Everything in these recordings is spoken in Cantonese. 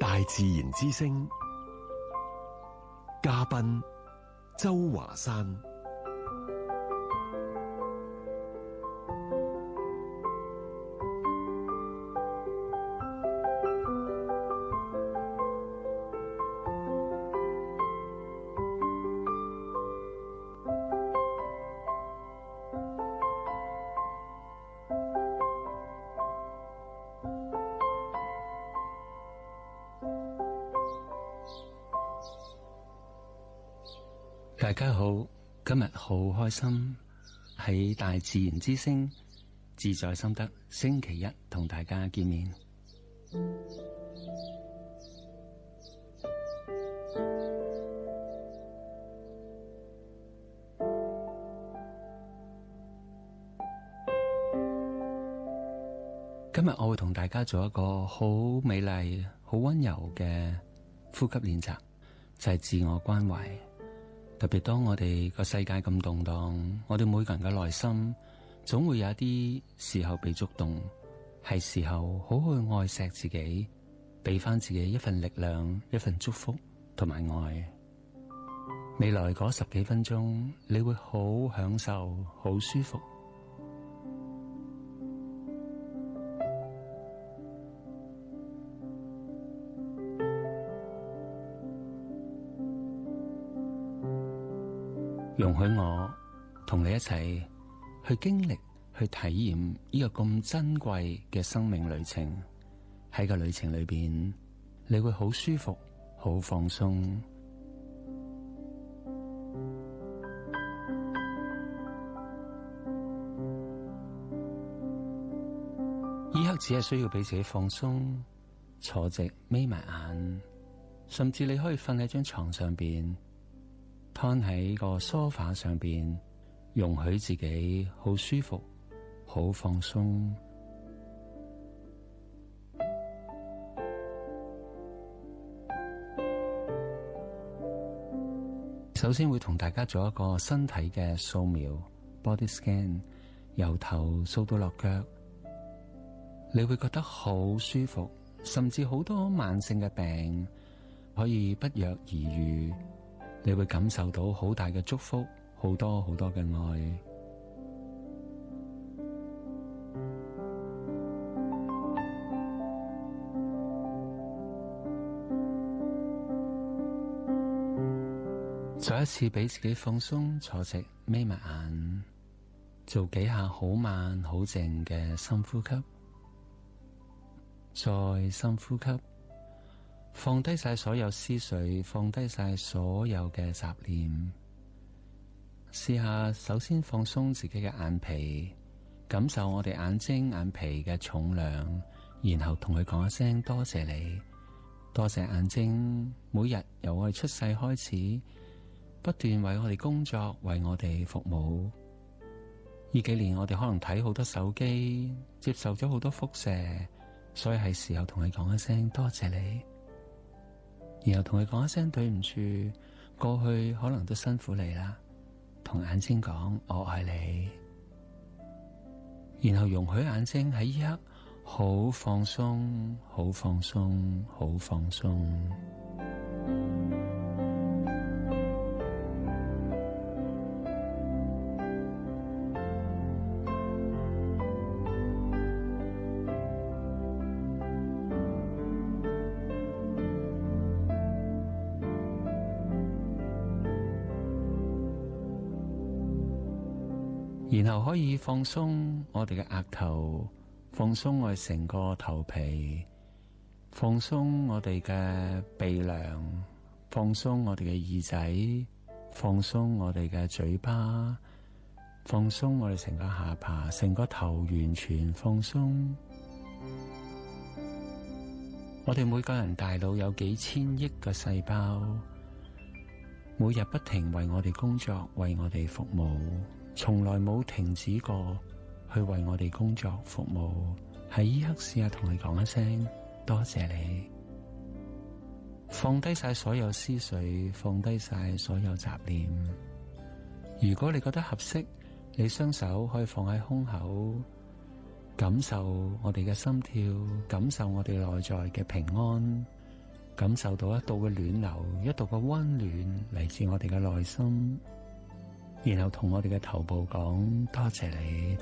大自然之聲，嘉賓周華山。大家好，今日好開心喺《大自然之聲》自在心得星期一同大家見面。今日我會同大家做一個好美麗、好温柔嘅呼吸練習，就係自我關懷。特別當我哋個世界咁動盪，我哋每個人嘅內心，總會有一啲時候被觸動，係時候好好去愛錫自己，俾翻自己一份力量、一份祝福同埋愛。未來嗰十幾分鐘，你會好享受、好舒服。容許我同你一齊去經歷、去體驗呢個咁珍貴嘅生命旅程。喺個旅程裏邊，你會好舒服、好放鬆。此刻只係需要俾自己放鬆，坐直、眯埋眼，甚至你可以瞓喺張床上邊。攤喺個梳化上邊，容許自己好舒服、好放鬆。 首先會同大家做一個身體嘅掃描 （body scan），由頭掃到落腳，你會覺得好舒服，甚至好多慢性嘅病可以不藥而愈。你會感受到好大嘅祝福，好多好多嘅愛。再一次俾自己放鬆，坐直，眯埋眼，做幾下好慢好靜嘅深呼吸，再深呼吸。放低晒所有思緒，放低晒所有嘅雜念。試下首先放鬆自己嘅眼皮，感受我哋眼睛眼皮嘅重量，然後同佢講一聲多謝你，多謝眼睛。每日由我哋出世開始，不斷為我哋工作，為我哋服務。呢幾年我哋可能睇好多手機，接受咗好多輻射，所以係時候同佢講一聲多謝你。然後同佢講一聲對唔住，過去可能都辛苦你啦。同眼睛講我愛你，然後容許眼睛喺呢刻好放鬆，好放鬆，好放鬆。然後可以放鬆我哋嘅額頭，放鬆我哋成個頭皮，放鬆我哋嘅鼻樑，放鬆我哋嘅耳仔，放鬆我哋嘅嘴巴，放鬆我哋成個下巴，成個頭完全放鬆。我哋每個人大腦有幾千億個細胞，每日不停為我哋工作，為我哋服務。從來冇停止過去為我哋工作服務，喺呢刻試下同你講一聲多謝你。放低晒所有思緒，放低晒所有雜念。如果你覺得合適，你雙手可以放喺胸口，感受我哋嘅心跳，感受我哋內在嘅平安，感受到一度嘅暖流，一度嘅溫暖嚟自我哋嘅內心。然後同我哋嘅頭部講多謝你。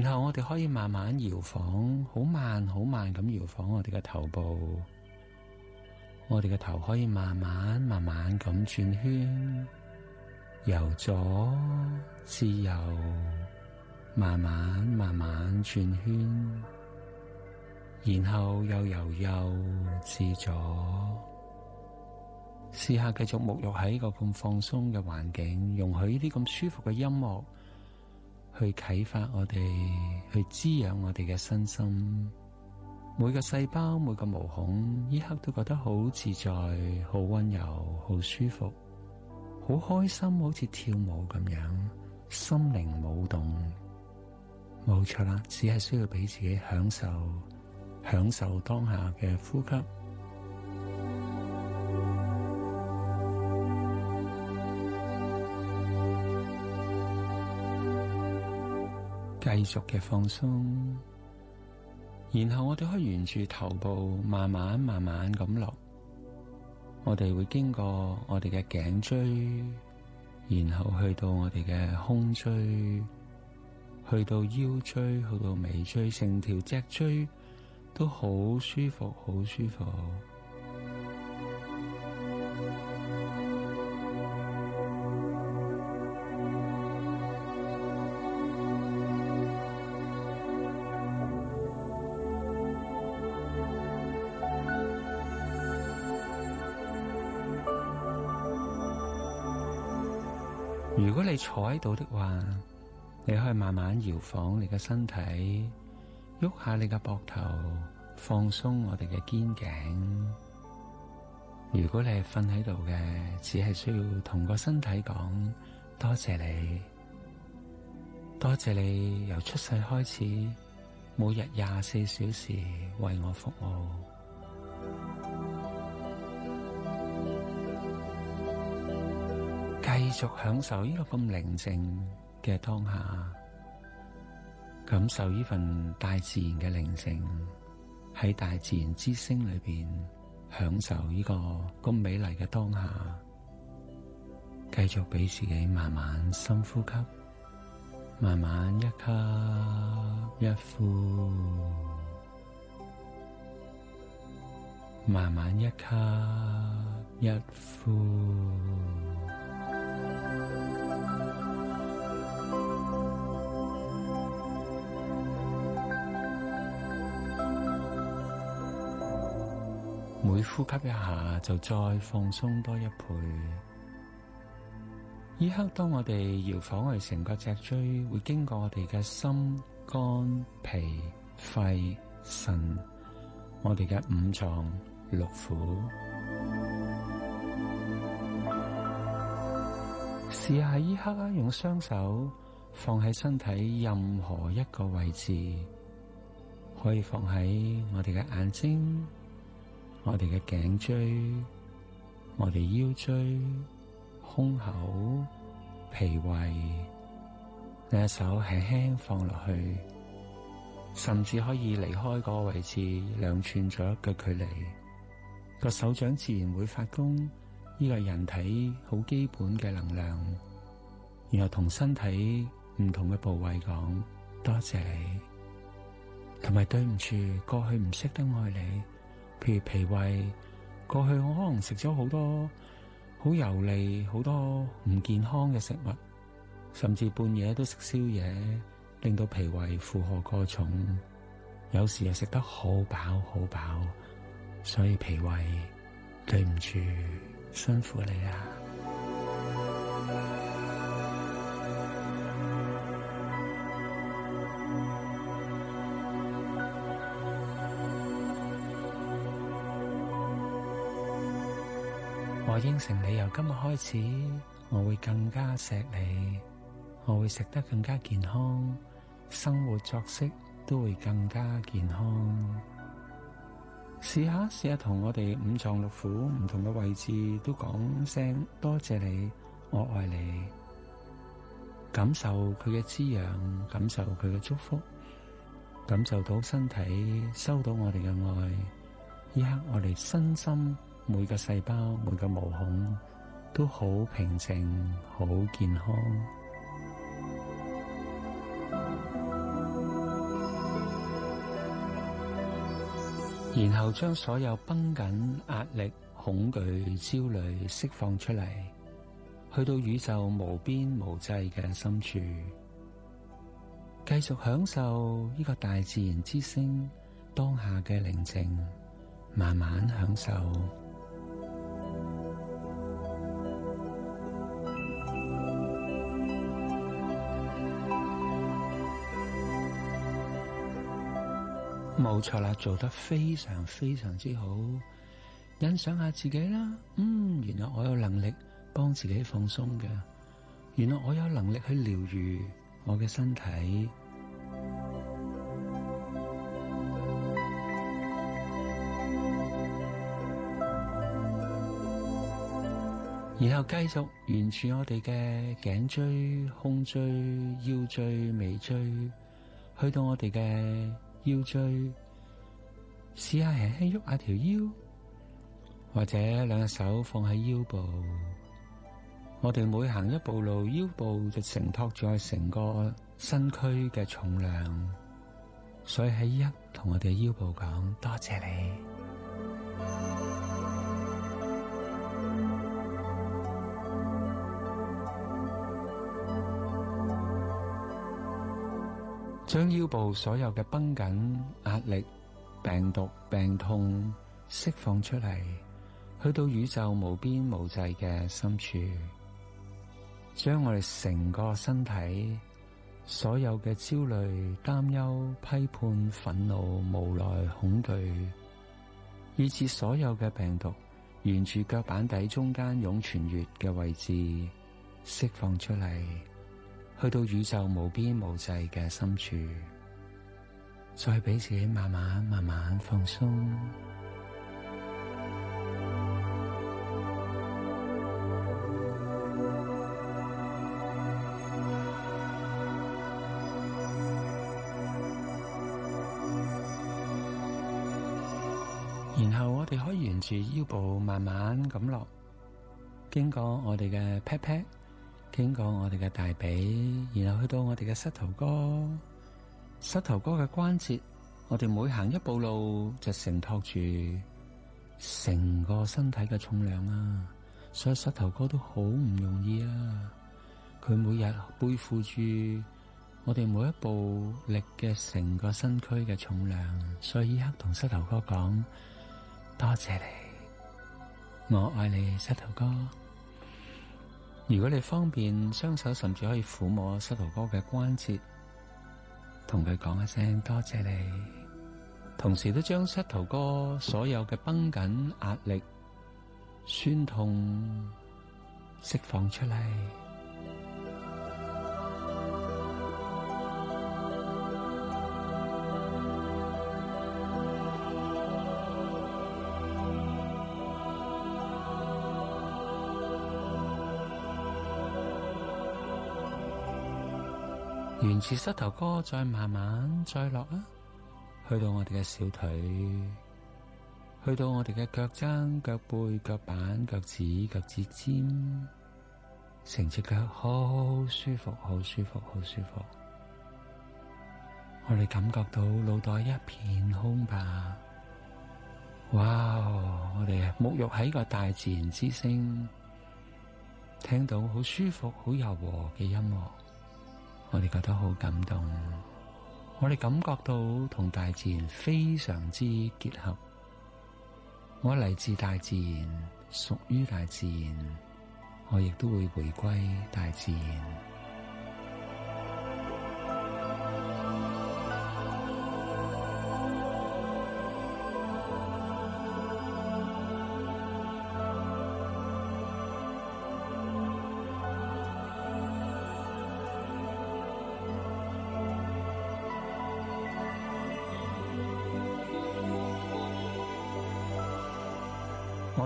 然後我哋可以慢慢搖晃，好慢好慢咁搖晃我哋嘅頭部，我哋嘅頭可以慢慢慢慢咁轉圈，由左至右，慢慢慢慢轉圈，然後又由右至左。試下繼續沐浴喺呢個咁放鬆嘅環境，容許呢啲咁舒服嘅音樂。去啟發我哋，去滋養我哋嘅身心，每個細胞、每個毛孔，一刻都覺得好自在、好溫柔、好舒服、好開心，好似跳舞咁樣，心靈舞動，冇錯啦，只係需要俾自己享受，享受當下嘅呼吸。繼續嘅放鬆，然後我哋可以沿住頭部慢慢慢慢咁落，我哋會經過我哋嘅頸椎，然後去到我哋嘅胸椎，去到腰椎，去到尾椎，成條脊椎都好舒服，好舒服。如果你坐喺度的話，你可以慢慢搖晃你嘅身體，喐下你嘅膊頭，放鬆我哋嘅肩頸。如果你係瞓喺度嘅，只係需要同個身體講多謝你，多謝你由出世開始，每日廿四小時為我服務。繼續享受呢個咁寧靜嘅當下，感受呢份大自然嘅寧靜，喺大自然之聲裏邊享受呢個咁美麗嘅當下，繼續俾自己慢慢深呼吸，慢慢一吸一呼，慢慢一吸一呼。每呼吸一下，就再放鬆多一倍。依刻，當我哋搖晃完成個脊椎，會經過我哋嘅心、肝、脾、肺、腎，我哋嘅五臟六腑。試 下依刻啊，用雙手放喺身體任何一個位置，可以放喺我哋嘅眼睛。我哋嘅頸椎、我哋腰椎、胸口、脾胃，你一手輕輕放落去，甚至可以離開嗰個位置兩寸左右嘅距離。個手掌自然會發功，依、這個人體好基本嘅能量，然後同身體唔同嘅部位講多謝你，同埋對唔住過去唔識得愛你。譬如脾胃，過去我可能食咗好多好油膩、好多唔健康嘅食物，甚至半夜都食宵夜，令到脾胃負荷過重。有時又食得好飽、好飽，所以脾胃對唔住，辛苦你啊。我應承你，由今日開始，我會更加錫你，我會食得更加健康，生活作息都會更加健康。試下，試下同我哋五臟六腑唔同嘅位置都講聲多謝你，我愛你，感受佢嘅滋養，感受佢嘅祝福，感受到身體，收到我哋嘅愛，依刻我哋身心。每個細胞、每個毛孔都好平靜、好健康， 然後將所有繃緊、壓力、恐懼、焦慮釋放出嚟，去到宇宙無邊無際嘅深處，繼續享受呢個大自然之聲當下嘅寧靜，慢慢享受。冇錯啦，做得非常非常之好，欣賞下自己啦。嗯，原來我有能力幫自己放鬆嘅，原來我有能力去療愈我嘅身體。 然後繼續沿住我哋嘅頸椎、胸椎、腰椎、尾椎、尾椎，去到我哋嘅。腰椎，試下輕輕喐下條腰，或者兩隻手放喺腰部。我哋每行一步路，腰部就承托咗成個身軀嘅重量，所以喺一同我哋嘅腰部講多謝你。將腰部所有嘅繃緊、壓力、病毒、病痛釋放出嚟，去到宇宙無邊無際嘅深處，將我哋成個身體所有嘅焦慮、擔憂、批判、憤怒、無奈、恐懼，以至所有嘅病毒，沿住腳板底中間湧泉穴嘅位置釋放出嚟。去到宇宙無邊無際嘅深處，再俾自己慢慢慢慢放鬆。 然後我哋可以沿住腰部慢慢咁落，經過我哋嘅 pat pat。經過我哋嘅大髀，然後去到我哋嘅膝頭哥，膝頭哥嘅關節，我哋每行一步路就承托住成個身體嘅重量啊！所以膝頭哥都好唔容易啊！佢每日背負住我哋每一步力嘅成個身軀嘅重量，所以依刻同膝頭哥講：多謝你，我愛你，膝頭哥。如果你方便，雙手甚至可以撫摸膝頭哥嘅關節，同佢講一聲多謝你，同時都將膝頭哥所有嘅繃緊、壓力、酸痛釋放出嚟。從住膝頭哥，再慢慢再落啦，去到我哋嘅小腿，去到我哋嘅腳踭、腳背、腳板、腳趾、腳趾尖，成隻腳好舒服，好舒服，好舒服。我哋感覺到腦袋一片空白，哇、wow，我哋沐浴喺個大自然之聲，聽到好舒服、好柔和嘅音樂。我哋覺得好感動，我哋感覺到同大自然非常之結合。我嚟自大自然，屬於大自然，我亦都會回歸大自然。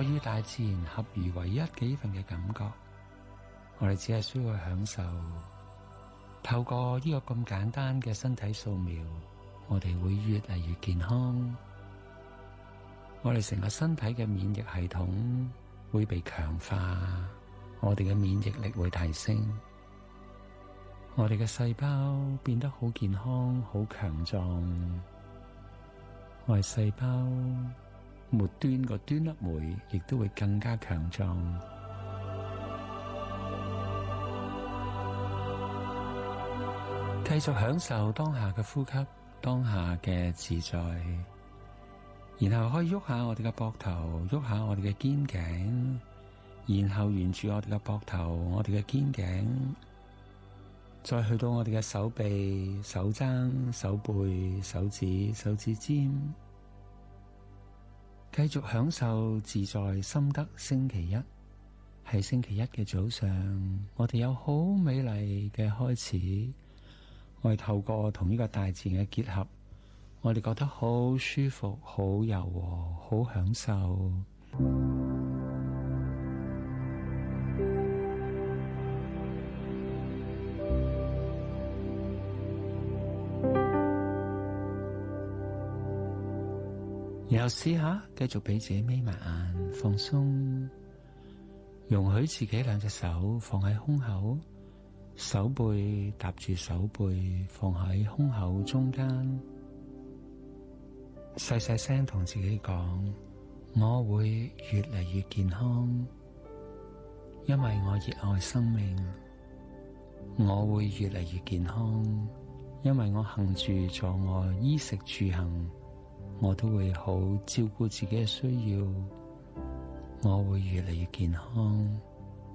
我與大自然合而為一，幾份嘅感覺，我哋只係需要享受。透過呢個咁簡單嘅身體掃描，我哋會越嚟越健康。我哋成個身體嘅免疫系統會被強化，我哋嘅免疫力會提升，我哋嘅細胞變得好健康、好強壯，我哋細胞。末端個端粒酶亦都會更加強壯，繼續享受當下嘅呼吸，當下嘅自在，然後可以喐下我哋嘅膊頭，喐下我哋嘅肩頸，然後沿住我哋嘅膊頭、我哋嘅肩頸，再去到我哋嘅手臂、手踭、手背、手指、手指尖。繼續享受自在心得。星期一，係星期一嘅早上，我哋有好美麗嘅開始。我哋透過同呢個大自然嘅結合，我哋覺得好舒服、好柔和、好享受。試下繼續俾自己眯埋眼，放鬆，容許自己兩隻手放喺胸口，手背搭住手背放喺胸口中間，細細聲同自己講：我會越嚟越健康，因為我熱愛生命；我會越嚟越健康，因為我行住坐臥衣食住行。我都會好照顧自己嘅需要，我會越嚟越健康，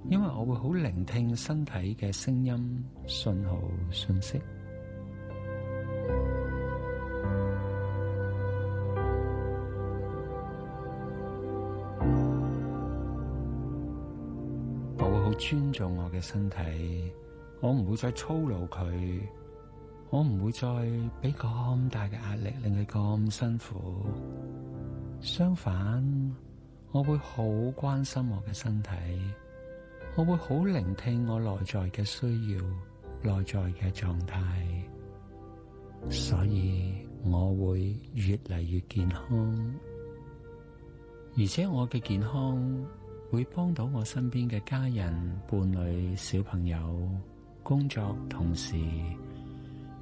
因為我會好聆聽身體嘅聲音、信號、訊息。 我會好尊重我嘅身體，我唔會再操勞佢。我唔會再俾咁大嘅壓力，令佢咁辛苦。相反，我會好關心我嘅身體，我會好聆聽我內在嘅需要、內在嘅狀態，所以我會越嚟越健康。而且我嘅健康會幫到我身邊嘅家人、伴侶、小朋友、工作同事。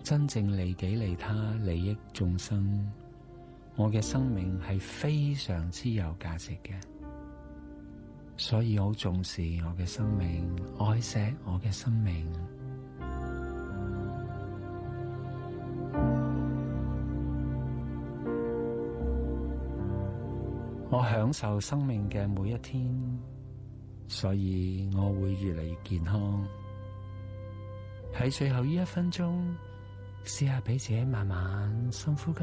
真正利己利他利益眾生，我嘅生命係非常之有價值嘅，所以好重視我嘅生命，愛惜我嘅生命，我享受生命嘅每一天，所以我會越嚟越健康。喺最後呢一分鐘。試下畀自己慢慢深呼吸，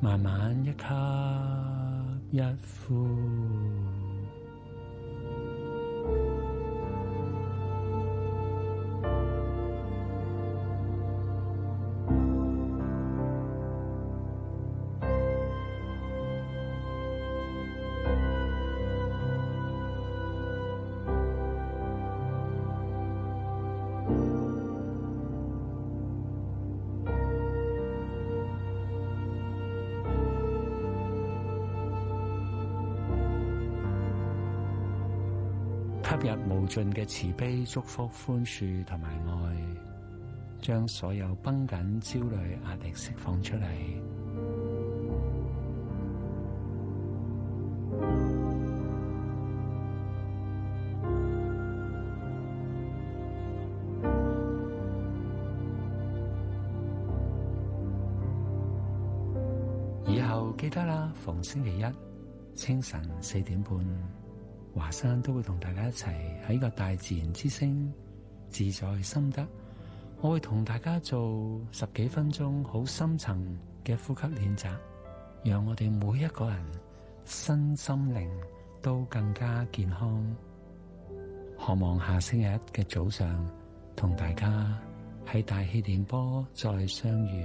慢慢一吸一呼。日無盡嘅慈悲、祝福、寬恕同埋愛，將所有繃緊、焦慮、壓力釋放出嚟。以後記得啦，逢星期一清晨四點半。華山都會同大家一齊喺個大自然之聲自在心得，我會同大家做十幾分鐘好深層嘅呼吸練習，讓我哋每一個人身心靈都更加健康。渴望下星期一嘅早上同大家喺大氣電波再相遇。